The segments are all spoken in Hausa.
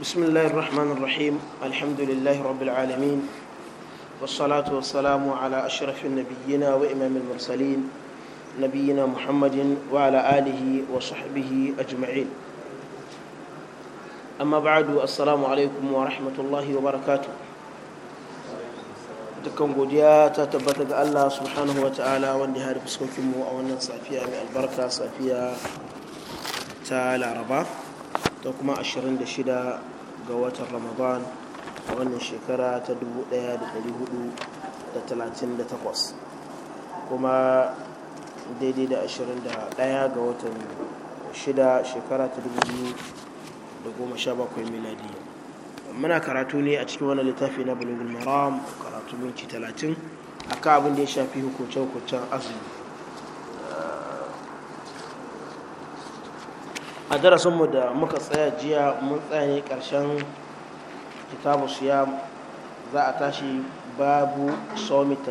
بسم الله الرحمن الرحيم الحمد لله رب العالمين والصلاة والسلام على أشرف النبيين وإمام المرسلين نبينا محمد وعلى آله وصحبه أجمعين أما بعد السلام عليكم ورحمة الله وبركاته تكون godiya ta الله سبحانه وتعالى subhanahu wa ta'ala wanda ya hari fuskokinmu a wannan safiya mai ta kuma 26 ga watan ramadan a wannan shekara ta 1438 kuma daidai da 21 ga watan 6 shekara ta 2017 miladi muna karatu ne a cikin wani littafi na bulugul maram karatu minci 30 akan abin da ya shafi hukuncen-hukuncen azumi a darasinmu da muka tsaya jiya mun tsaya ne ƙarshen kitabu siyam za a tashi babu somi ta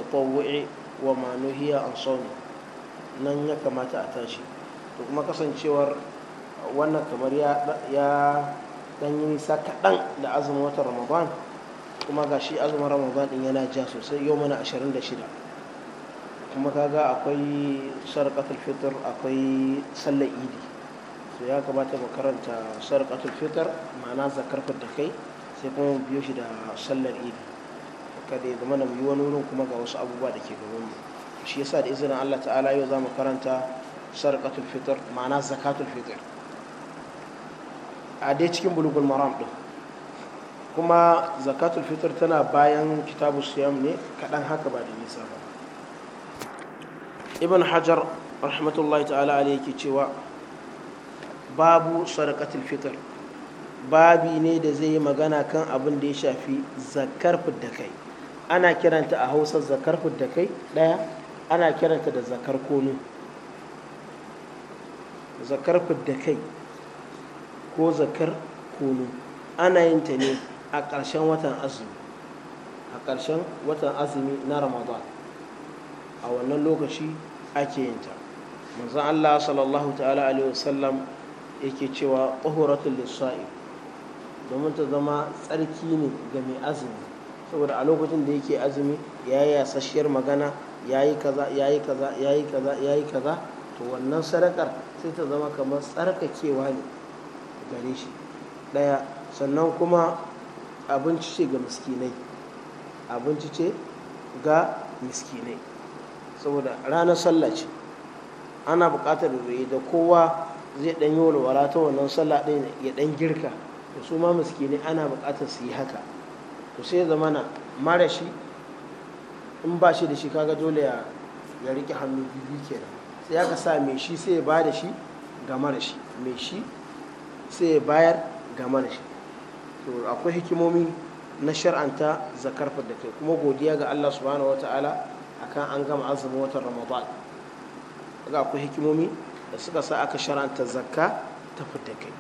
wa manuhiya an somi nan ya kamata a tashi to kuma kasancewar wannan kamar ya dan yi nisa kaɗan da azumin watan ramadan kuma ga shi azumin ramadan din yana ja sosai yau mana 26 kuma kaga akwai sarƙatul fitr akwai sallar idi so ya kamata mu karanta sarƙatul fitar ma'ana zakar da kai sai kuma biyo shi da sallar idi kada ya zama na yi wani wurin kuma ga wasu abubuwa da ke gaban mu shi yasa da izinin Allah ta'ala yau za mu karanta sarƙatul fitar ma'ana zakatul fitar a dai cikin bulugul maram ɗin kuma zakatul fitar tana bayan kitabu siyam ne kaɗan haka ba da nisa ba ibn hajar rahmatullahi ta'ala alaihi cewa babu sadaqatul fitr babi ne da zai yi magana kan abin da ya shafi zakar fidda kai ana kiranta a hausa zakar fidda kai ɗaya ana kiranta da zakar konu zakar fidda kai ko zakar konu ana yin ta ne a ƙarshen watan azumi a ƙarshen watan azumi na ramadan a wannan lokaci ake yin ta manzon allah sallallahu ta'ala alaihi wasallam yake cewa ƙahuratul lissa'i domin ta zama tsarki ne ga mai azumi saboda a lokacin da yake azumi ya yi yasasshiyar magana ya yi kaza ya yi kaza ya yi kaza ya yi kaza to wannan sadakar sai ta zama kamar tsarkakewa ne gare shi ɗaya sannan kuma abinci ce ga miskinai abinci ce ga miskinai saboda ranar sallah ce ana buƙatar da kowa zai dan yi walwala ta wannan sallah ɗin ya dan girka to su ma miskini ana buƙatar su yi haka to sai zamana mara shi in ba shi da shi kaga dole ya ya rike hannu biyu kenan sai aka sa mai shi sai ya ba da shi ga mara shi mai shi sai ya bayar ga mara shi to akwai hikimomi na shar'anta zakar da kai kuma godiya ga Allah subhanahu wataala akan an gama azumin watan Ramadan ga akwai hikimomi da suka sa aka sharanta zakka ta fita kai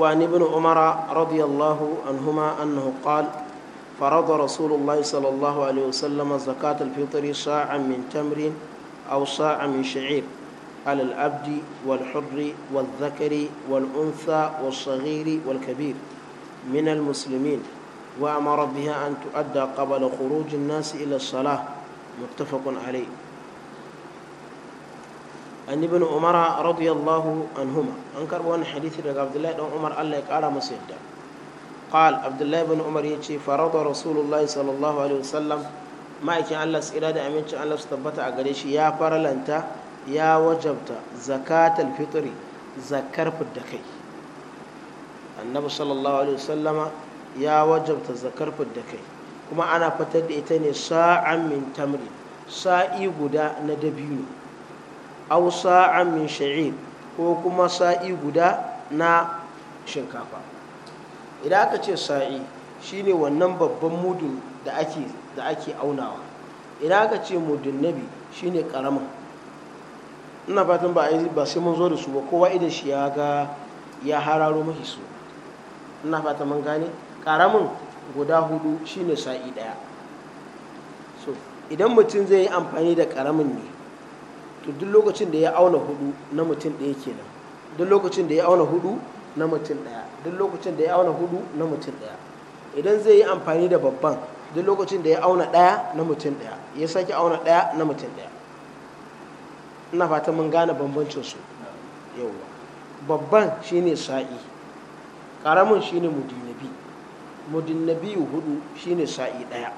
وعن ابن عمر رضي الله عنهما أنه قال فرض رسول الله صلى الله عليه وسلم زكاة الفطر شاعا من تمر أو شاعا من شعير على العبد والحر والذكر والأنثى والصغير والكبير من المسلمين وأمر بها أن تؤدى قبل خروج الناس إلى الصلاة متفق عليه عن ابن عمر رضي الله عنهما أنكر وأن حديث عبد الله بن عمر الله قال مسيدا قال عبد الله بن عمر يجي فرض رسول الله صلى الله عليه وسلم ما يكي الله سئرادة أمين الله ستبتع قريش يا فرلنت يا وجبت زكاة الفطر زكر الدكي النبي صلى الله عليه وسلم يا وجبت زكر الدكي كما أنا فتد إتني ساعة من تمرين sa'i guda na dabino aw sa'an min sha'ir ko kuma sa'i guda na shinkafa idan aka ce sa'i shine wannan babban mudun da ake da ake aunawa idan aka ce mudun nabi shine karamin ina fatan ba ba sai mun zo da su ba kowa idan shi ya ga ya hararo mahi su ina fatan mun gane karamin guda hudu shine sa'i daya idan mutum zai yi amfani da karamin ne to duk lokacin da ya auna hudu na mutum ɗaya kenan duk lokacin da ya auna hudu na mutum ɗaya duk lokacin da ya auna hudu na mutum ɗaya idan zai yi amfani da babban duk lokacin da ya auna ɗaya na mutum ɗaya ya sake auna ɗaya na mutum ɗaya ina fata mun gane bambancin su yauwa babban shine sa'i karamin shine mudinabi mudinabi hudu shine sa'i ɗaya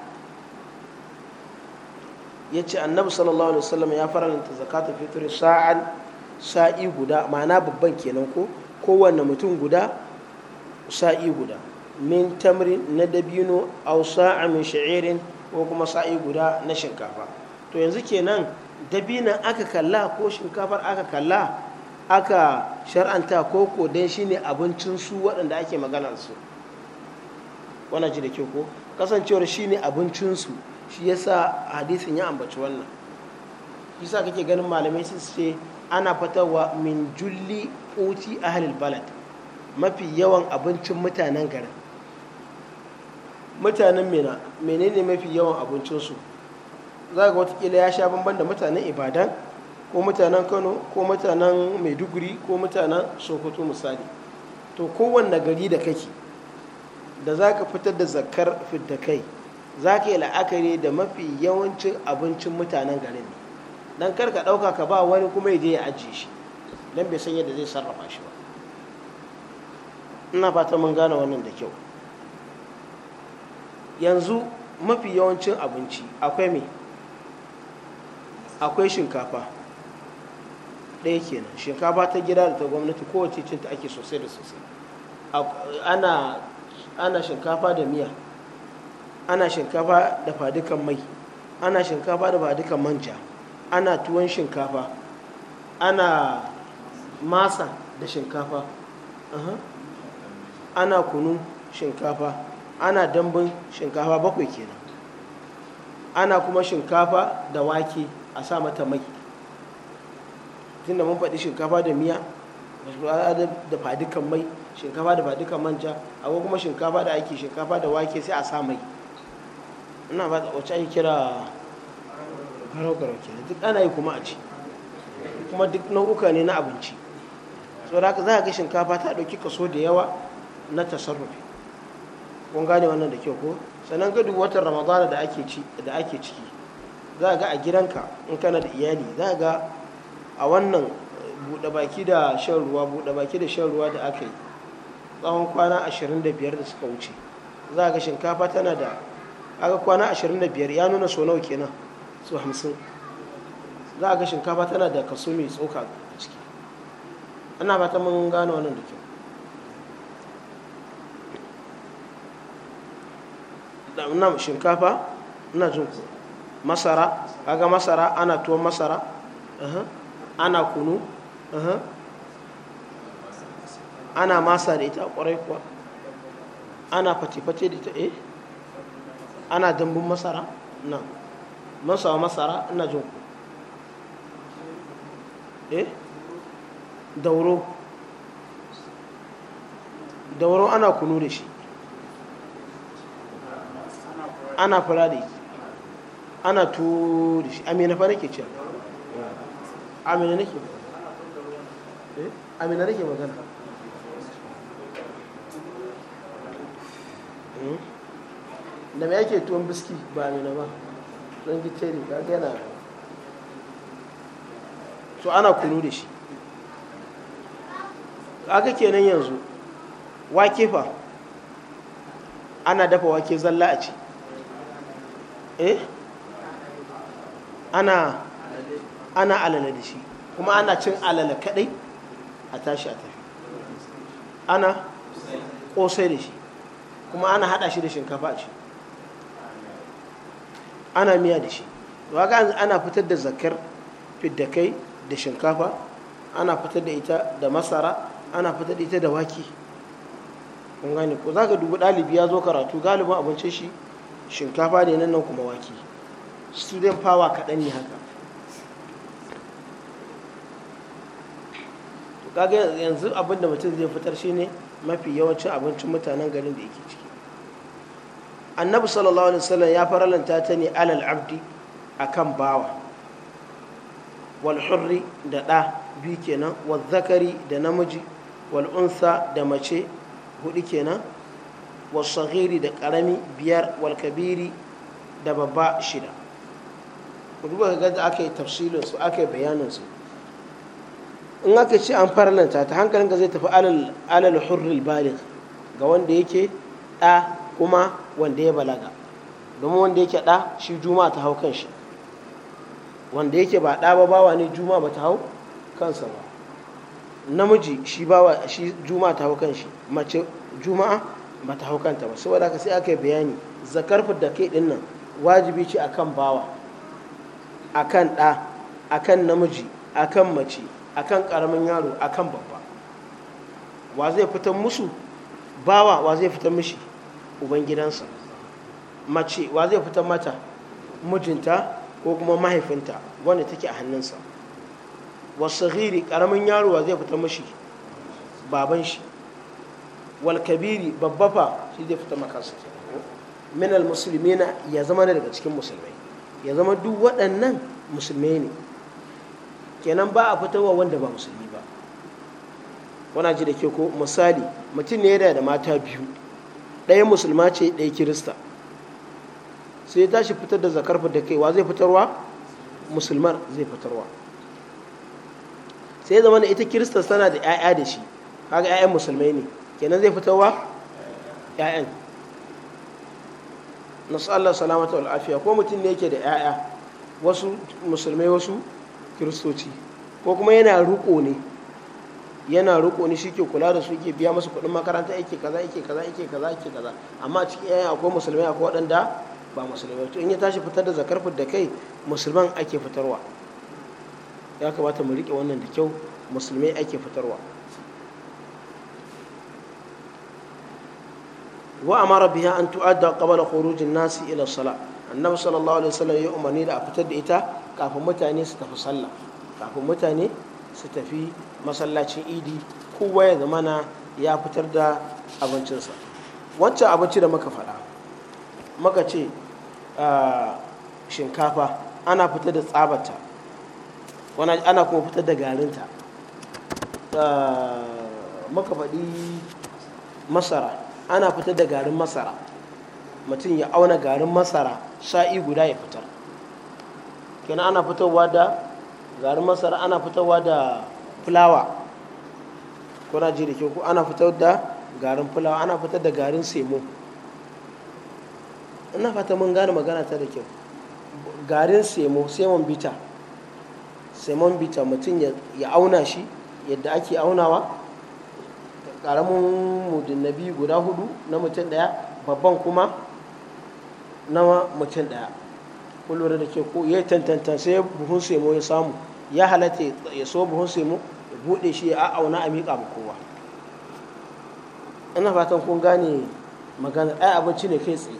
ya ce annabi sallallahu alaihi wasallam ya faranta zakata fitri sa'an sa'i guda ma'ana babban kenan ko kowanne mutum guda sa'i guda min tamrin na dabino aw sa'a min sha'irin ko kuma sa'i guda na shinkafa to yanzu kenan dabino aka kalla ko shinkafar aka kalla aka shar'anta koko don shi ne abincinsu waɗanda ake maganarsu wannan ji da kyau ko kasancewar shi ne abincinsu shi yasa hadisin ya ambaci wannan shi yasa kake ganin malamai sun ce ana fatawa min julli a halin balad mafi yawan abincin mutanen garin mutanen mena menene mafi yawan abincinsu za ga watakila ya sha bamban da mutanen ibadan ko mutanen kano ko mutanen maiduguri ko mutanen sokoto misali to kowanne gari da kake da za ka fitar da zakar fidda kai za ka yi la'akari da mafi yawancin abincin mutanen garin ne don kar ka ɗauka ka ba wani kuma ya je ya ajiye shi don bai san yadda zai sarrafa shi ba ina fata mun gane wannan da kyau yanzu mafi yawancin abinci akwai me akwai shinkafa ɗaya kenan shinkafa ta gida da ta gwamnati kowace cinta ake sosai da sosai ana shinkafa da miya ana shinkafa da fadukan mai ana shinkafa da fadukan manja ana tuwon shinkafa ana masa da shinkafa ana kunu shinkafa ana dambun shinkafa bakwai kenan ana kuma shinkafa da wake a sa mata mai tunda mun faɗi shinkafa da miya da fadukan mai shinkafa da fadukan manja akwai kuma shinkafa da ake shinkafa da wake sai a sa mai ina ba wacce ake kira garau duk ana yi kuma a ci kuma duk nau'uka ne na abinci so da za a ga shinkafa ta ɗauki kaso da yawa na tasarrufi kun gane wannan da kyau ko sannan ga duk watan ramadana da ake ci da ake ciki za ga a gidanka in kana da iyali za ga a wannan eh, buɗe baki da shan ruwa buɗe baki da shan ruwa da aka yi tsawon kwana 25 da suka wuce za ga shinkafa tana da kaga kwana 25 ya nuna so kenan su 50 za a ga shinkafa tana da kaso mai tsoka a ciki ana fata mun gane wannan da kyau shinkafa ina jin ku masara kaga masara ana tuwon masara ana kunu ana masa da ita kwarai kuwa ana fati-fati da ita eh ana dambun masara na mun masara ina jin ku eh dauro dauro ana kunu da shi ana fara da shi ana tuwo da shi amina fa ke cewa amina amina nake magana eh? da me yake tuwon biski ba mina ba don gicce ka gana so ana kunu da shi aka kenan yanzu wake fa ana dafa wake zalla a ci eh ana ana alala da shi kuma ana cin alala kadai a tashi a tafi ana kosai da shi kuma ana hada shi da shinkafa a ci ana miya da shi waga ana fitar da zakar fiddakai da shinkafa ana fitar da ita da masara ana fitar da ita da wake kun gane ko za ka dubi ɗalibi ya zo karatu galibin abincin shi shinkafa ne nan nan kuma wake student power kaɗan ne haka kaga yanzu abin da mutum zai fitar shine mafi yawancin abincin mutanen garin da yake ciki annabi sallallahu alaihi wasallam ya faralanta ta ne alal abdi akan bawa wal hurri da ɗa biyu kenan wal zakari da namiji wal unsa da mace hudu kenan wal saghiri da karami biyar wal kabiri da babba shida ku duba ga da aka yi tafsilin su aka yi bayanin su in aka ce an farlanta ta hankalin ka zai tafi alal hurri baligh ga wanda yake ɗa kuma wanda ya balaga domin wanda yake ɗa shi juma ta hau kanshi wanda yake ba ɗa ba bawa ne juma'a ba ta hau kansa ba namiji shi bawa shi juma'a ta hau kanshi mace juma'a ba ta hau kanta ba saboda haka sai aka yi bayani zakar da kai ɗin nan wajibi ce akan bawa akan ɗa akan namiji akan mace akan ƙaramin yaro akan babba wa zai fitan musu bawa wa zai fitan mishi ubangidansa mace wa zai fitar mata mijinta ko kuma mahaifinta wanda take a hannunsa wasu ghiri karamin yaro wa zai fitar mashi baban shi wal kabiri babba fa shi zai fitar makansa Minal musulmi na ya zama daga cikin musulmai ya zama duk waɗannan musulmai ne kenan ba a fitarwa wanda ba musulmi ba wana ji da ke ko misali mutum ne da mata biyu ɗaya musulma ce ɗaya kirista sai ta shi fitar da zakar da kaiwa zai fitarwa musulmar zai fitarwa sai zama na ita kirista tana da 'ya'ya da shi haka 'ya'yan musulmai ne kenan zai fitarwa 'ya'yan nasu Allah salamata al'afiya ko mutum ne yake da 'ya'ya wasu musulmai wasu kiristoci ko kuma yana ruko ne yana roƙo ni shike kula da su ke biya masa kuɗin makaranta yake kaza yake kaza yake kaza yake kaza amma a cikin yayin akwai musulmai akwai waɗanda ba musulmai to in ya tashi fitar da zakar da kai musulman ake fitarwa ya kamata mu riƙe wannan da kyau musulmai ake fitarwa wa amara biya an tu'adda qabla khurujin nasi ila salat annabi sallallahu alaihi wasallam ya umarni da a fitar da ita kafin mutane su tafi sallah kafin mutane su tafi masallacin idi kowa ya zamana ya fitar da abincinsa wancan abinci da muka faɗa muka ce shinkafa ana fitar da tsabata ana kuma fitar da garinta muka faɗi masara ana fitar da garin masara mutum ya auna garin masara sa'i guda ya fitar kenan ana fitarwa da garin masara ana fitowa da fulawa kuna ji da ko ana fitar da garin fulawa ana fitar da garin semo ina fata mun gane magana ta da kyau garin semo semon bita semon bita mutum ya auna shi yadda ake aunawa ƙaramin mudin na biyu guda hudu na mutum ɗaya babban kuma na mutum ɗaya kun lura da ke ko ya yi tantantan sai buhun semo ya samu ya halatta ya so buhun semo ya buɗe shi ya auna a miƙa ba kowa ina fatan kun gane magana ai abinci ne kai tsaye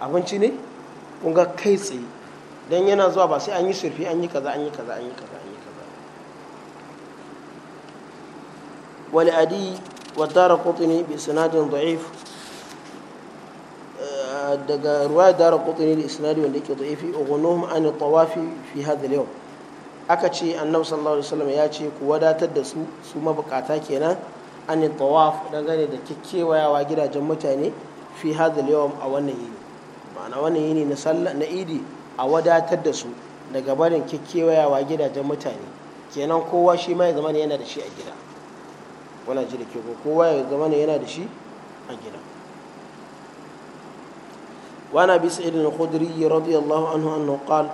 abinci ne kun ga kai tsaye don yana zuwa ba sai an yi surfi an yi kaza an yi kaza an yi kaza an yi kaza Wani adi wa dara qutni bi sanadin da'if daga ruwaya dara kutuni da isnadi wanda yake da'ifi ugunuhum an tawafi fi hada al aka ce annabi sallallahu alaihi wasallam ya ce ku wadatar da su su mabukata kenan an tawaf dangane da kikkewayawa gidajen mutane fi hada al a wannan yini ma'ana wannan yini na sallah na idi a wadatar da su daga barin kikkewayawa gidajen mutane kenan kowa shi ma ya zama yana da shi a gida wala ji da ke kowa ya zama yana da shi a gida وأنا أبي سعيد الخدري رضي الله عنه أنه قال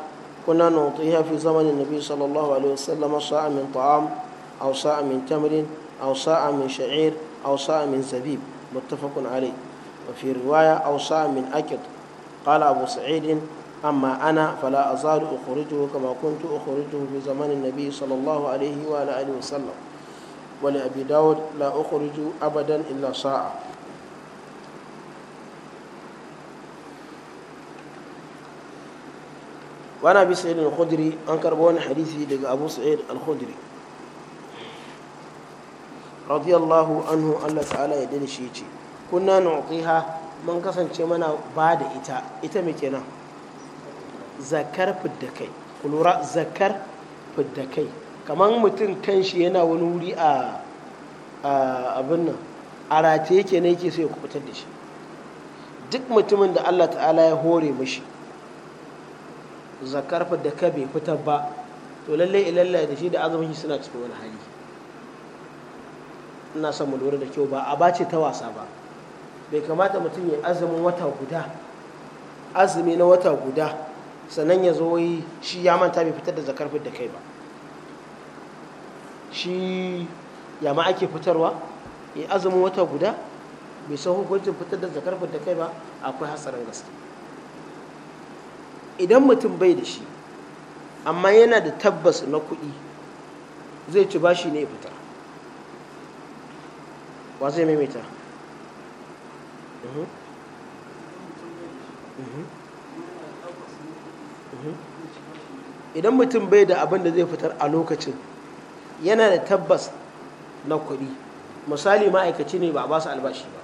كنا نعطيها في زمن النبي صلى الله عليه وسلم صاع من طعام أو صاع من تمر أو صاع من شعير أو صاع من زبيب متفق عليه وفي رواية أو صاع من أكد قال أبو سعيد أما أنا فلا أزال أخرجه كما كنت أخرجه في زمان النبي صلى الله عليه وعلى آله وسلم ولأبي داود لا أخرج أبدا إلا صاع wani bisa sa'id an karba wani hadisi daga abu sa'id al-khudri radiyallahu anhu Allah ya dani shi ce kunna nu'tiha mun kasance mana ba da ita ita me kenan zakar fidda kai kamar mutum kanshi yana wani wuri a abin nan a rataye yake ne so ya kubutar da shi duk mutumin da Allah ta'ala ya hore mashi zakar da ka bai fitar ba to lallai ilalla da shi da azumin shi suna cikin wani hali ina son mu lura da kyau ba a bace ta wasa ba bai kamata mutum ya azumin wata guda azumi na wata guda sannan ya zo yi shi ya manta bai fitar da zakar da kai ba shi ya ma ake fitarwa ya azumin wata guda bai san hukuncin fitar da zakar da kai ba akwai hatsarin gaske idan mutum bai da shi amma yana da tabbas na kuɗi zai ci bashi ne fita wa zai maimaita mhm. Mhm. Mhm. idan mutum bai da abin da zai fitar a lokacin yana da tabbas na kuɗi misali ma'aikaci ne ba a ba su albashi ba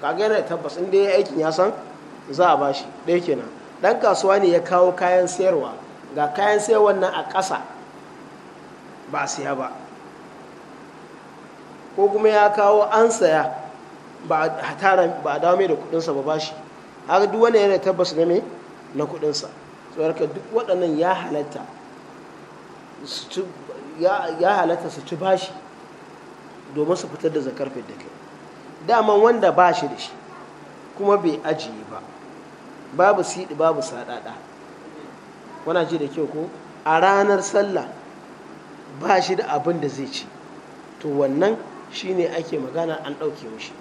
kaga yana da tabbas inda ya aikin ya san za a bashi ɗaya kenan Ɗan kasuwa ne ya kawo kayan sayarwa ga kayan sayarwa nan a ƙasa ba siya ba ko kuma ya kawo an saya ba a dawo mai da kudinsa ba bashi haka duk wani yana tabbas na na kudinsa tsoraka duk waɗannan ya halatta ya halatta su ci bashi domin su fitar da zakar da kai daman wanda ba shi da shi kuma bai ajiye ba babu siɗi babu saɗaɗa wana ji da kyau ko a ranar sallah ba shi da abin da zai ci to wannan shi ne ake magana an ɗauke mushi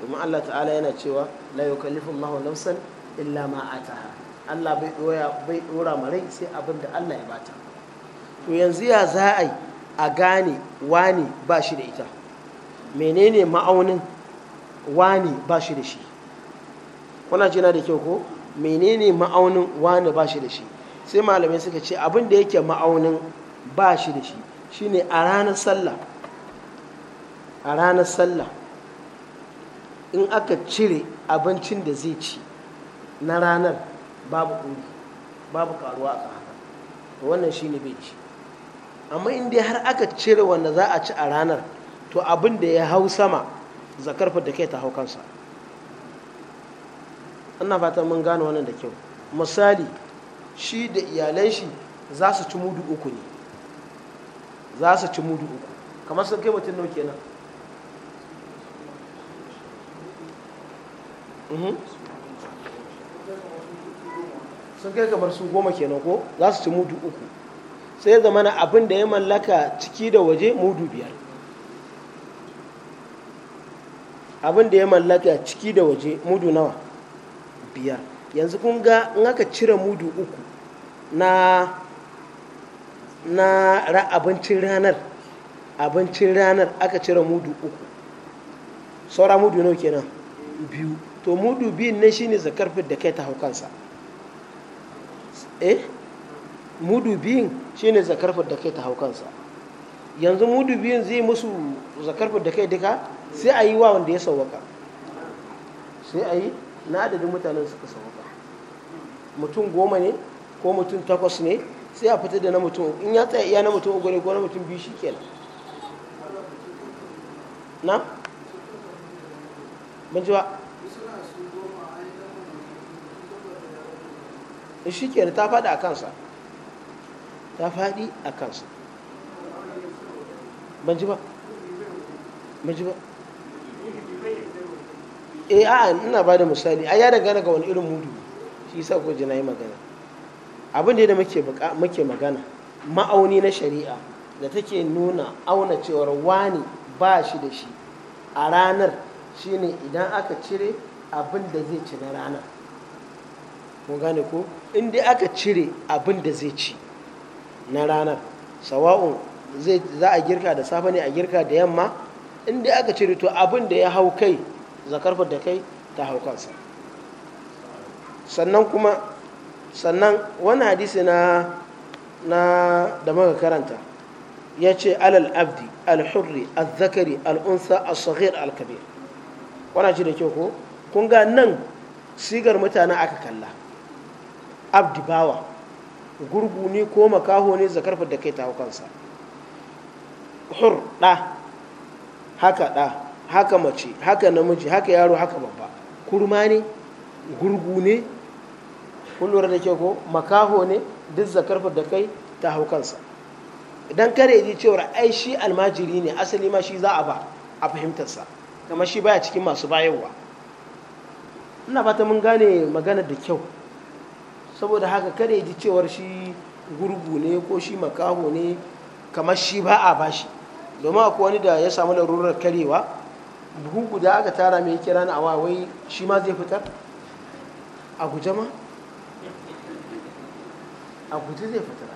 domin allah ta'ala yana cewa la yukallifu allahu nafsan illa ma ataha allah bai ɗora bai ɗora sai abin da allah ya bata to yanzu ya za a yi a gane wani ba shi da ita menene ma'aunin wani ba shi da shi kuna jina da kyau ko menene ma'aunin wani ba shi da shi sai malamai suka ce abin da yake ma'aunin ba shi da shi shine a ranar sallah a ranar sallah in aka cire abincin da zai ci na ranar babu ɗuri babu karuwa a haka wannan shine bai ci amma in dai har aka cire wanda za a ci a ranar to abin da ya hau sama zakarfa da kai ta hau kansa ina fata mun gane wannan da kyau misali shi da iyalan shi za su ci mudu uku ne za su ci mudu uku kamar sun kai mutum nau kenan mhm. sun kai kamar su goma kenan ko za su ci mudu uku sai zamana abin da ya mallaka ciki da waje mudu biyar abin da ya mallaka ciki da waje mudu nawa biyar yanzu kun ga in aka cire mudu uku na na ra abincin ranar abincin ranar aka cire mudu uku saura mudu nau kenan biyu to mudu biyun nan shine zakar da kai ta hau kansa eh mudu biyun shine zakar da kai ta hau kansa yanzu mudu biyun zai musu zakar da kai duka sai a yi wa wanda ya sauwaka sai a yi na adadin mutanen suka ba mutum goma ne ko mutum takwas ne sai a fita da na mutum in ya tsaya iya na mutum uku ne ko na mutum biyu shi kenan na? ban ji ba eh, shi kenan ta faɗi a kansa ta faɗi a kansa ban ji ba ban ji ba eh a'a ina ba da misali a ya dangana ga wani irin mudu shi sa ko jina yi magana abin da muke muke magana ma'auni na shari'a da take nuna auna cewar wani ba shi da shi a ranar shine idan aka cire abin da zai ci na rana mun gane ko in dai aka cire abin da zai ci na ranar sawa'un za a girka da safe ne a girka da yamma in dai aka cire to abin da ya hau kai zakar da kai ta hau kansa sannan kuma sannan wani hadisi na na da muka karanta ya ce alal abdi alhurri al-zakari al-unsa al al-kabir wana ji da kyau ko kun ga nan sigar mutane aka kalla abdi bawa gurgu ne ko makaho ne zakar da kai ta hau kansa hur da haka da. haka mace haka namiji haka yaro haka babba kurma ne gurgu ne kullum da ke ko makaho ne duk zakarfa da kai ta hau kansa idan kare ji cewar ai shi almajiri ne asali ma shi za a ba a fahimtarsa kamar shi baya cikin masu bayarwa ina fata mun gane magana da kyau saboda haka kare ji cewar shi gurgu ne ko shi makaho ne kamar shi ba a shi domin akwai wani da ya samu larurar karewa buhu guda aka tara mai kira na awawai wai shi ma zai fitar a guje ma a guje zai fitar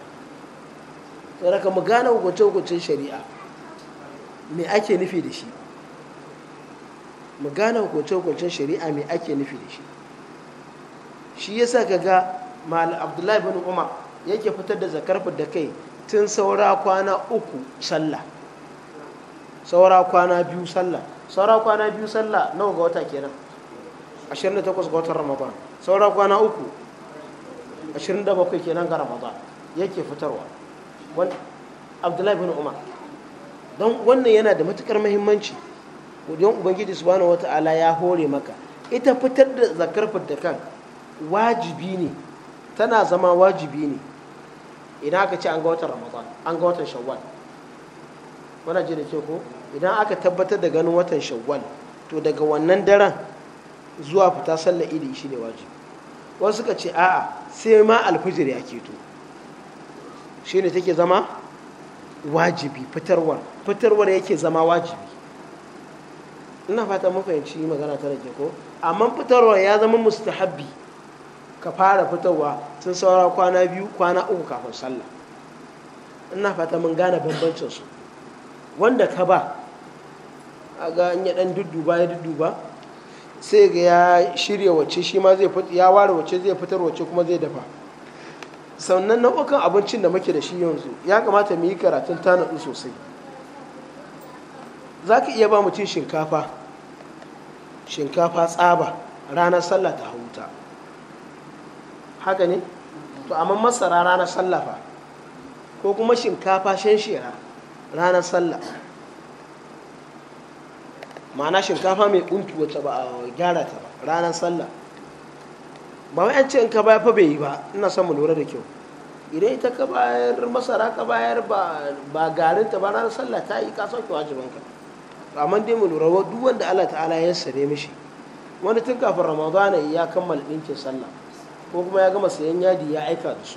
saboda mu gane hukunce-hukuncen shari'a me ake nufi da shi mu gane hukunce-hukuncen shari'a me ake nufi da shi shi ya ka ga mal abdullahi bin umar yake fitar da zakar da kai tun saura kwana uku sallah saura kwana biyu sallah saura kwana biyu sallah nawa ga wata kenan 28 ga watan ramadan saura kwana uku 27 kenan ga ramadan yake fitarwa abdullahi bin umar don wannan yana da matukar mahimmanci don ubangiji subhanahu wata'ala ya hore maka ita fitar da zakar kan wajibi ne tana zama wajibi ne idan aka ce an ga watan ramadan an ga watan shawwal wana ji da ke ko idan aka tabbatar da ganin watan shawwal to daga wannan daren zuwa fita sallar idi shi ne wajibi wasu suka ce a'a sai ma alfijir ya keto shi ne take zama wajibi fitarwar fitarwar yake zama wajibi ina fata mun fahimci magana ta rage ko amma fitarwar ya zama mustahabbi ka fara fitarwa sun saura kwana biyu kwana uku kafin sallah ina fata mun gane bambancin su wanda ka ba a ga ya dan dudduba ya dudduba sai ga ya shirya wace shi ma zai fitar ya ware wace zai fitar wace kuma zai dafa sannan nau'ukan abincin da muke da shi yanzu ya kamata mu yi karatun tanadu sosai za ka iya ba mutum shinkafa shinkafa tsaba ranar sallah ta hauta haka ne to amma masara ranar sallah fa ko kuma shinkafa shan shera ranar sallah ma'ana shinkafa mai kuntu wacce ba a gyara ta ba ranar sallah ba wai an in ka bayar fa bai yi ba ina son mu lura da kyau idan ita ka bayar masara ka bayar ba garin ta ba ranar sallah ta yi ka sauke wajiban ka amma dai mu lura duk wanda Allah ta'ala ya sare mishi wani tun kafin ramadana ya kammala ɗinkin sallah ko kuma ya gama sayan yadi ya aika da su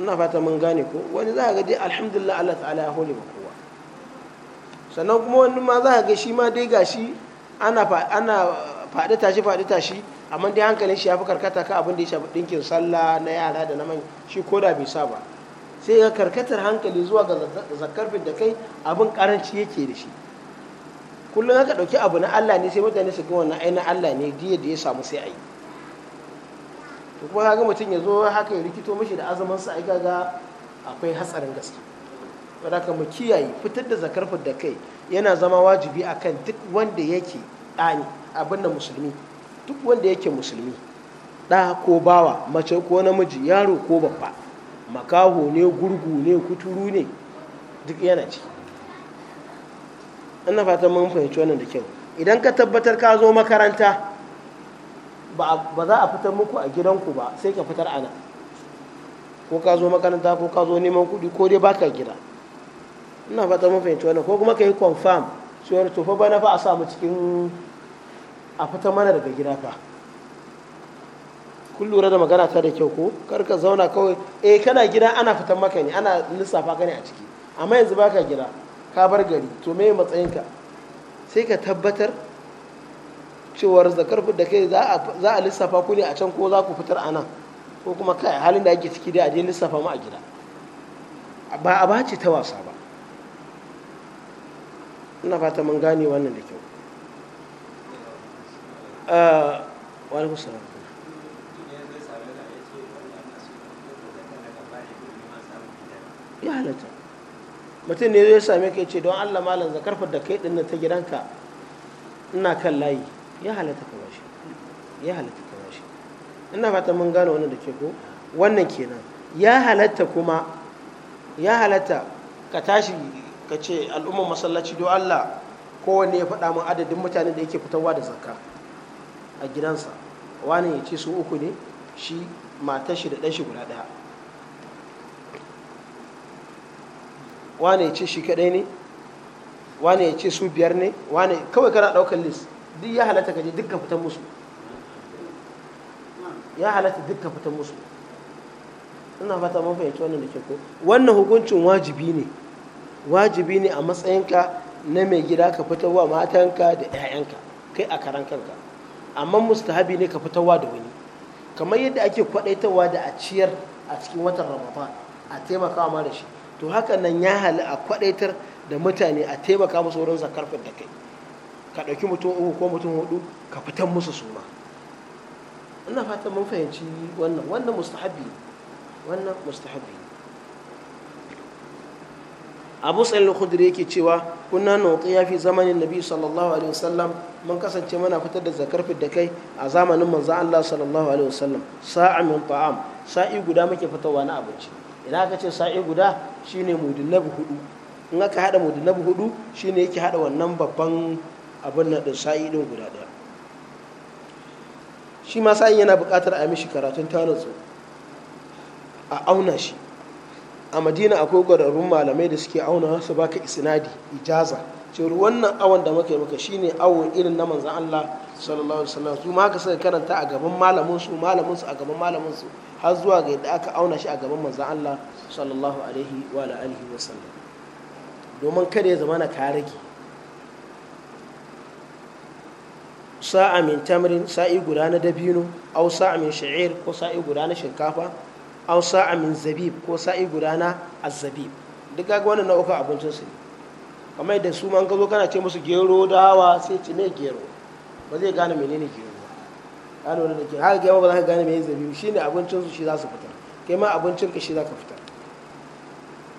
ina fata mun gane ko wani za a ga dai alhamdulillah Allah ta'ala ya hore ma kowa sannan kuma wani ma za a ga shi ma dai gashi ana faɗi tashi faɗi tashi amma dai hankalin shi ya fi karkata ka abin da ya shafi ɗinkin sallah na yara da na manya shi ko da bai sa ba sai ga karkatar hankali zuwa ga zakarfin da kai abin karanci yake da shi kullum haka ɗauki abu na Allah ne sai mutane su ga wannan ai Allah ne diya da ya samu sai a yi to kuma ga mutum ya zo haka ya rikito mashi da azumin sa aika ga akwai hatsarin gaske ka mu kiyaye fitar da zakar da kai yana zama wajibi akan duk wanda yake ɗani abin da musulmi duk wanda yake musulmi ɗa ko bawa mace ko namiji yaro ko babba makaho ne gurgu ne kuturu ne duk yana ci ina fatan mun fahimci wannan da kyau idan ka tabbatar ka zo makaranta ba za a fitar muku a gidanku ba sai ka fitar ana ko ka zo makaranta ko ka zo neman kuɗi ko dai baka gida ina fata mun fahimci wannan ko kuma ka yi confirm cewar to fa bana fa a samu cikin a fita mana daga gida fa kun lura da magana ta da kyau ko kar ka zauna kawai eh kana gida ana fitar maka ne ana lissafa ka ne a ciki amma yanzu baka gida ka bar gari to me matsayinka sai ka tabbatar cewar zakar da kai za a lissafa ku ne a can ko za ku fitar a nan ko kuma kai halin da ake ciki dai a je lissafa mu a gida ba a bace ta wasa ba ina fata mun gane wannan da kyau ah, wani kusa ya halatta mutum ne zai same ka ya ce don allah malam zakar da kai ɗin ta gidanka ina kan layi ya halatta ka bashi ya halatta ka bashi ina fata mun gane wannan da ke ko wannan kenan ya halatta kuma ya halatta ka tashi ka ce al'ummar masallaci do Allah kowanne ya faɗa min adadin mutane da yake fitarwa da zakka a gidansa wani ya ce su uku ne shi matar shi da ɗan shi guda ɗaya wani ya ce shi kaɗai ne wani ya ce su biyar ne wani kawai kana ɗaukar list duk ya halatta ka je dukkan fitan musu ya halatta dukkan fitan musu ina fata mun fahimci wannan da ke ko wannan hukuncin wajibi ne wajibi ne a matsayinka na mai gida ka fitarwa matanka da 'ya'yanka kai a karan kanka amma mustahabi ne ka fitarwa da wani kamar yadda ake kwadaitawa da a ciyar a cikin watan ramadan a taimaka ma da shi to haka nan ya hali a kwadaitar da mutane a taimaka musu wurin zakarfin da kai ka ɗauki mutum uku ko mutum hudu ka fitan musu suma ina fatan mun fahimci wannan wannan mustahabi wannan mustahabi abu tsayin khudri yake cewa kunna ya fi zamanin nabi sallallahu alaihi wasallam mun kasance mana fitar da zakar da kai a zamanin manzon Allah sallallahu alaihi wasallam sa'a min ta'am sa'i guda muke fitarwa na abinci idan aka ce sa'i guda shine mudunnabi hudu in aka hada mudunnabi hudu shine yake hada wannan babban abin na ɗin sa'i ɗin guda ɗaya shi ma sa'in yana buƙatar a mishi karatun su. a auna shi a madina akwai ƙwararrun malamai da suke auna su baka isinadi, ijaza cewar wannan awon da muka yi shi shine awo irin na manzan Allah sallallahu alaihi wasallam su ma haka suka karanta a gaban malamin su malamin su a gaban malamin su har zuwa ga yadda aka auna shi a gaban manzan Allah sallallahu alaihi wa alihi wasallam domin kada ya zama na ka rage sa'a min tamrin sa'i guda na dabino au sa'a min sha'ir ko sa'i guda na shinkafa au sa'a min zabib ko sa'i guda na azzabib duk ga wannan nau'ukan abincin su ne kamar da su man gazo kana ce musu gero dawa sai ce me gero ba zai gane menene gero ba ya da ke haka gero ba za ka gane menene zabibu shi abincin su shi za su fitar kai ma abincin ka shi za ka fitar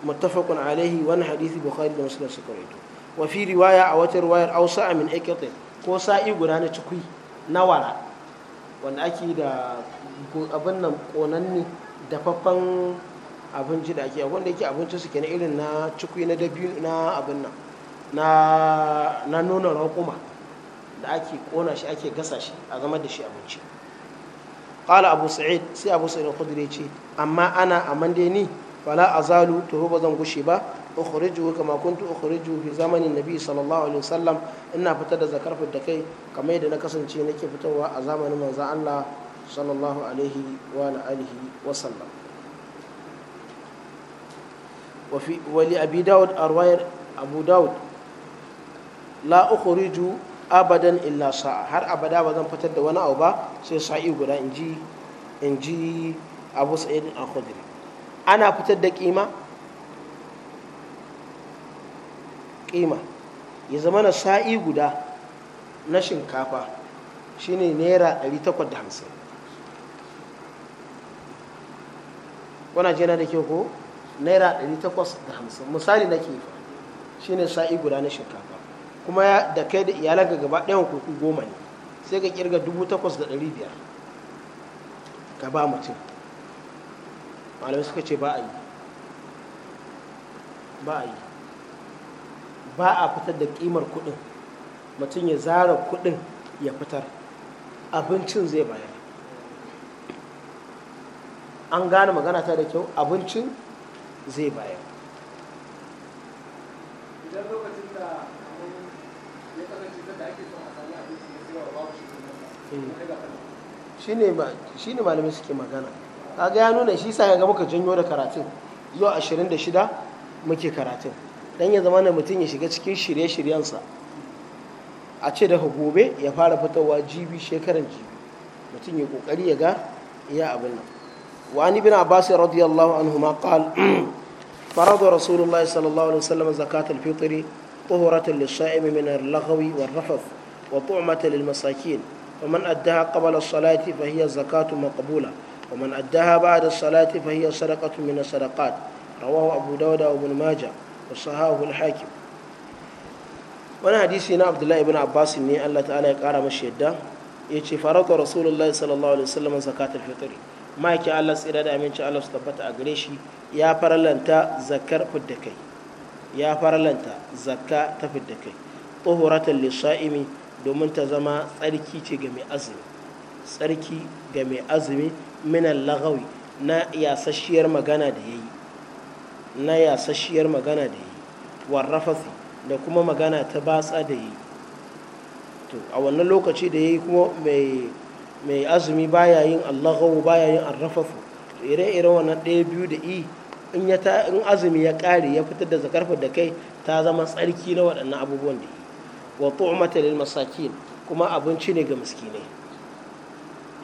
muttafaqun alaihi wani hadisi bukhari da muslim suka rawaito wa fi riwaya a wata riwayar ausa min iqtin ko sa'i guda na cikui na wara wanda ake da abin nan konanne dafaffen abinci da ake wanda yake abinci suke na irin na cikui na dabi na abin nan na nuna raƙuma da ake kona shi ake gasa shi a zama da shi abinci qala abu sa'id sai abu sa'id da khudri ce amma ana amande ni wala azalu to ba zan gushe ba ukhrijuhu kama kuntu ukhrijuhu fi zamanin nabi sallallahu alaihi wasallam ina fitar da zakar da kai kamar yadda na kasance nake fitowa a zamanin manzon Allah sallallahu alaihi wa alihi wa sallam وفي ولأبي داود أرواية أبو داود لا أخرج أبدا إلا ساعة هر أبدا بذن فتد وانا sai با guda ساعي غدا abu إنجي أبو سعيد ana fitar da kima. kima ya zama na sa'i guda na shinkafa shine naira 850 wana jina da ke ko naira 850 misali na shi shine sa'i guda na shinkafa kuma da kai da iyalanka gaba ɗayan kuku goma ne sai ka kirga 8,500 ka ba mutum malamai suka ce ba a yi ba a yi ba a fitar da kimar kuɗin mutum ya zara kuɗin ya fitar abincin zai bayar an gane magana ta da kyau abincin zai bayar idan lokacin ya ake son babu shi ne malamin eh. shi ne malamai suke magana kaga ya nuna shi sa ga muka janyo da karatun yau 26 muke karatun Dan ya zama na mutum ya shiga cikin shirye-shiryensa a ce daga gobe ya fara fitowa jibi shekaran jibi mutum ya kokari ya ga iya abin nan wani bin abbas ya radiyar allahu an huma kal faradu rasulullah sallallahu alaihi wasallam zakat alfitri طهره للصائم من اللغو والرفث salati, للمساكين ومن ادها قبل الصلاه فهي زكاه مقبوله ومن ادها بعد الصلاه فهي صدقه من الصدقات رواه ابو داود وابن ماجه wasahahu al-hakim wani hadisi na abdullahi ibn abbas ne Allah ta'ala ya kara mashi yadda ya ce farauta rasulullahi sallallahu alaihi wasallam zakatul fitr ma'aikin Allah tsira da aminci Allah su tabbata a gare shi ya faralanta zakar fidda kai ya faralanta zakka ta lisa'imi domin ta zama tsarki ce ga mai azumi tsarki ga mai azumi minan lagawi na yasasshiyar magana da yayi na yasashiyar magana da yi warrafasi da kuma magana ta batsa da yi to a wannan lokaci da ya yi kuma mai azumi baya yin allahau baya yin arrafafu to ire-ire wannan ɗaya biyu da yi in ya ta in azumi ya ƙare ya fitar da zakarfa da kai ta zama tsarki na waɗannan abubuwan da yi wa tu'mata lil masakin kuma abinci ne ga miskinai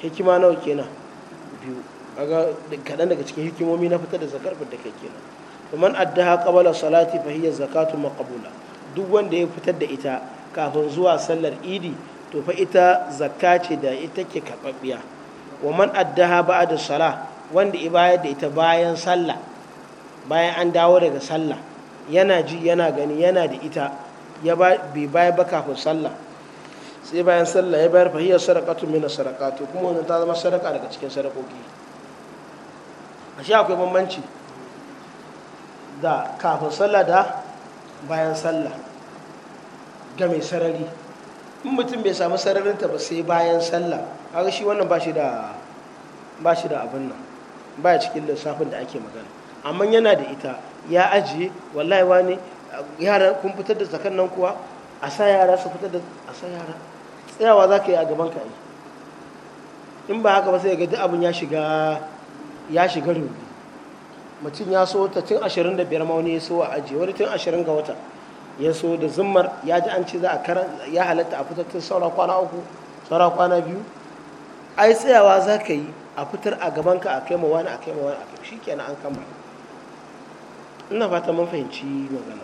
hikima nawa kenan biyu kaga kaɗan daga cikin hikimomi na fitar da zakarfa da kai kenan man addaha qabala salati fa hiya zakatu maqbula duk wanda ya fitar da ita kafin zuwa sallar idi to fa ita zakka ce da ita ke karɓaɓɓiya wa man addaha ba'da salah wanda ya bayar da ita bayan sallah bayan an dawo daga sallah yana ji yana gani yana da ita ya bai bayar ba kafin sallah sai bayan sallah ya bayar fahiyar sarakatu min sarakatu kuma wannan ta zama sadaka daga cikin sadakoki ashi akwai bambanci da kafin sallah da bayan sallah ga mai sarari in mutum bai samu ta ba sai bayan sallah haka shi wannan ba shi da abin nan ba cikin lissafin da ake magana amma yana da ita ya ajiye wallahi wani yara kun fitar da zakan nan kuwa a sa yara su fitar da a sa yara tsayawa za ka yi a gaban ka yi in ba haka ba sai ga duk abin ya shiga ya shiga rubi mutum ya so ta tun biyar mauni ya so a ajiye wani tun ashirin ga wata ya so da zimmar ya ji an ce za a karan ya halatta a fitar tun saura kwana uku saura kwana biyu ai tsayawa za ka yi a fitar a gaban ka a kai ma wani a kai ma wani a kai shikenan an kama ina fata mun fahimci magana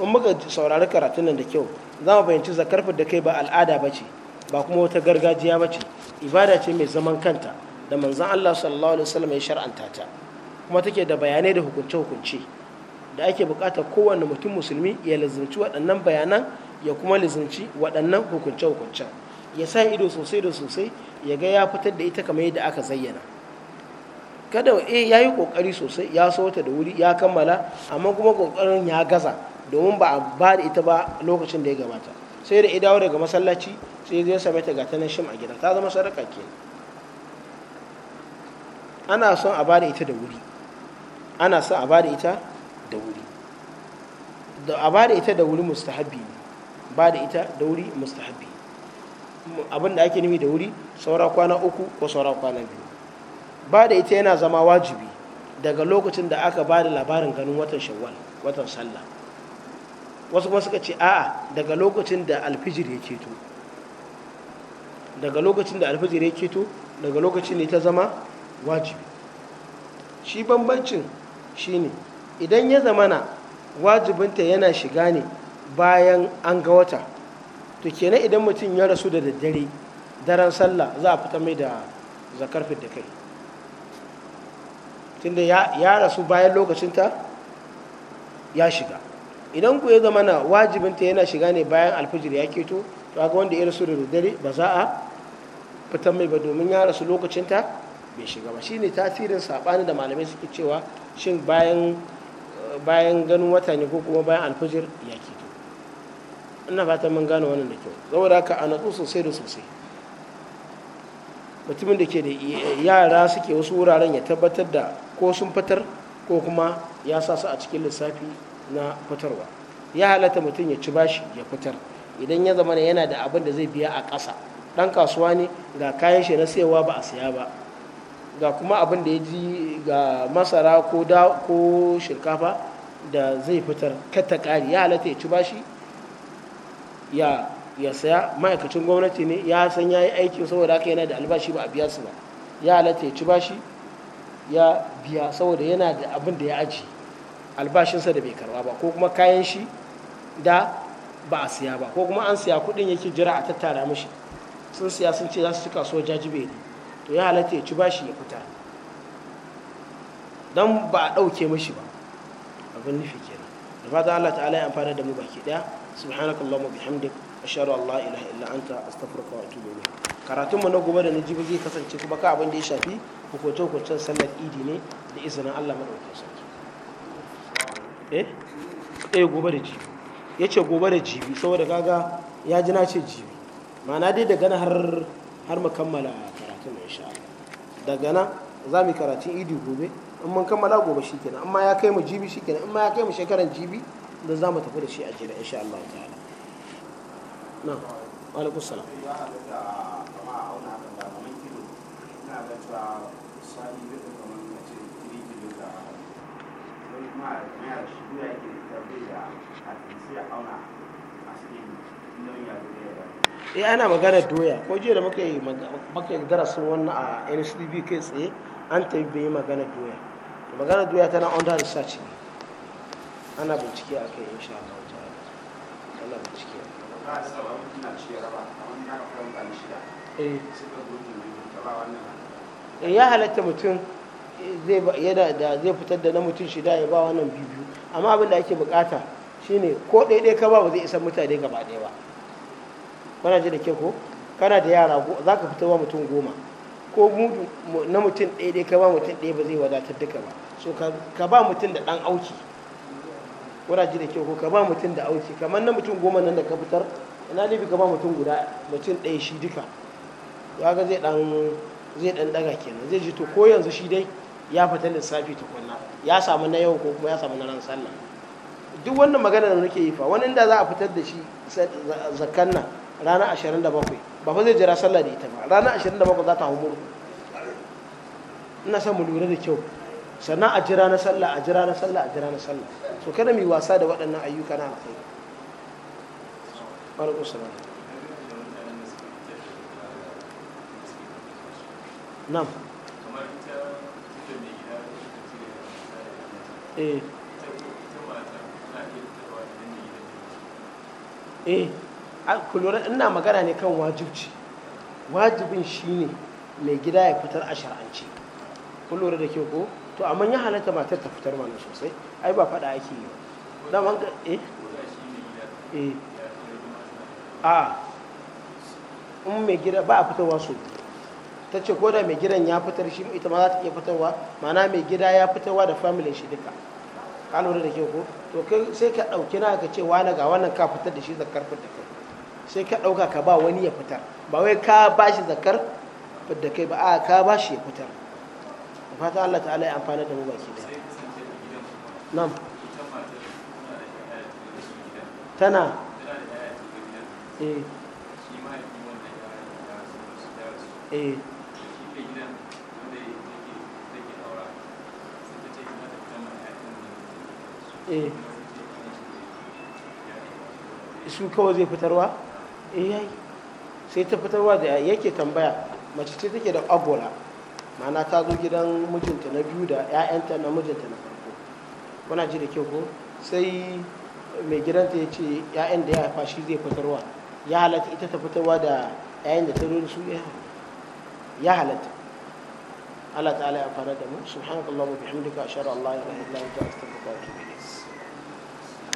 in muka saurari karatun nan da kyau za mu fahimci zakarfin da kai ba al'ada ba ce ba kuma wata gargajiya ba ce ibada ce mai zaman kanta da manzan Allah sallallahu alaihi wasallam ya shar'anta ta kuma take da bayanai da hukunce-hukunce da ake buƙatar kowane mutum musulmi ya lizinci waɗannan bayanan ya kuma lizinci waɗannan hukunce-hukuncen ya sa ido sosai da sosai ya ga ya fitar da ita kamar yadda aka zayyana kada eh ya yi ƙoƙari sosai ya so ta da wuri ya kammala amma kuma ƙoƙarin ya gaza domin ba a ba da ita ba lokacin da ya gabata sai da idawo daga masallaci sai zai same ta gata shim a gida ta zama sadaka ke ana son a ba da ita da wuri ana sa a bada ita da wuri da a bada ita da wuri mustahabbi ne bada ita da wuri mustahabbi abin da ake nufi da wuri saura kwana uku ko saura kwana biyu bada ita yana zama wajibi daga lokacin da aka bada labarin ganin watan shawwal watan sallah wasu kuma suka ce a'a daga lokacin da alfijir ya keto daga lokacin da alfijir ya keto daga lokacin ne ta zama wajibi shi bambancin shine idan ya zamana wajibinta yana shiga ne bayan an ga wata to kenan idan mutum ya rasu da daddare daren sallah za a fita mai da zakar da kai tunda ya rasu bayan lokacinta ya shiga idan ku ya zama na wajibinta yana shiga ne bayan alfijir ya keto to ga wanda ya rasu da daddare ba za a fita mai ba domin ya rasu lokacinta bai shiga ba shine tasirin saɓani da malamai suke cewa shin bayan bayan ganin wata ne ko kuma bayan alfajir ya ke to ina fatan mun gane wannan da kyau saboda haka a natsu sosai da sosai mutumin da ke da yara suke wasu wuraren ya tabbatar da ko sun fitar ko kuma ya sa su a cikin lissafi na fitarwa ya halatta mutum ya ci bashi ya fitar idan ya zama yana da abin da zai biya a ƙasa ɗan kasuwa ne ga kayan shi na sayawa ba a saya ba ga kuma abin da ya ji ga masara ko da ko shinkafa da zai fitar kata ƙari ya halatta ya ci bashi ya saya ma'aikacin gwamnati ne ya san ya yi aiki saboda haka yana da albashi ba a biya su ba ya halatta ya ci bashi ya biya saboda yana da abin da ya aji albashinsa da bai karba ba ko kuma kayan shi da ba a siya ba ko kuma an siya kuɗin yake jira a tattara mashi sun siya sun ce za su cika soja jajibe ne to ya halatta ya ci bashi ya fita don ba a ɗauke mashi ba abin nufi kenan da fata Allah ta'ala ya amfana da mu baki daya subhanakallahumma bihamdik ashhadu Allah la ilaha illa anta astaghfiruka wa atubu ilayk karatun mu na gobe da na najibi zai kasance kuma ka abin da ya shafi hukunce hukuncin sallar idi ne da izinin Allah madaukakin sarki eh eh gobe da jibi yace gobe da jibi saboda kaga ya ji na ce jibi ma'ana dai daga har har mu kammala mu insha daga nan za mu karatun idi gobe in mun kammala gobe kenan amma ya kai mu jibi shi kenan amma ya kai mu shekaran jibi da za mu tafi da shi a jira insha Allah ta'ala na wa alaikum salam Yeah. eh ana magana doya ko jiya da muka yi maka yi darasin wannan a NSDB kai tsaye an tabbaye magana doya magana doya tana under research ne ana bincike a kai insha Allah ta'ala ana bincike kai ya halatta mutum eh, zai fitar da na mutum shida ya ba wannan biyu amma abin da ake bukata shine ko ɗaiɗai ka ba ba zai isa mutane gaba ɗaya ba kuna ji da ke ko kana da yara za ka fito ba mutum goma ko na mutum ɗaya ɗaya ka ba mutum ɗaya ba zai wadatar duka ba so ka ba mutum da ɗan auki kuna ji da ke ko ka ba mutum da auki kamar na mutum goma nan da ka fitar ina nufi ka ba mutum guda mutum ɗaya shi duka ya ga zai ɗan zai ɗan ɗaga kenan zai ji to ko yanzu shi dai ya fita lissafi tukunna ya samu na yau ko kuma ya samu na ran sallah duk wannan magana da nake yi fa wani da za a fitar da shi zakan nan ranar 27 ba fa zai jira sallah da ita ba ranar 27 za ta hau murhu ina son mu lura da kyau sannan a jira na sallah a jira na sallah a jira na sallah so kada mu yi wasa da waɗannan ayyuka na akwai alaikum salam nam eh eh kulura ina magana ne kan wajibci wajibin shine mai gida ya fitar a ku kulura da ke ko to amma ya halatta matar ta fitar mana sosai ai ba fada ake yi da man ga eh eh a in mai gida ba a fitarwa so ta ce ko da mai gidan ya fitar shi ita ma za ta iya fitarwa mana mai gida ya fitarwa da family shi duka ka lura da ke ko to sai ka ɗauki na ka ce wani ga wannan ka fitar da shi zakar fitar da sai ka ɗauka ka ba wani ya fitar ba wai ka ba shi zakar da kai ba a ka ba shi ya fitar da fata Allah ta'ala ya amfana da mu baki da nan tana eh. eh eh su kawai zai fitarwa? Eh, yayi sai ta fitarwa da yake tambaya mace ce take da agola mana ta zo gidan mijinta na biyu da 'ya'yanta na mijinta na farko kuna ji da kyau ko sai mai gidanta ya ce 'ya'yan da ya haifa shi zai fitarwa ya halatta ita ta fitarwa da 'ya'yan da ta zo da su ya halatta Allah ta'ala ya fara da mu wa bihamdika ashhadu an la ilaha illa anta astaghfiruka wa atubu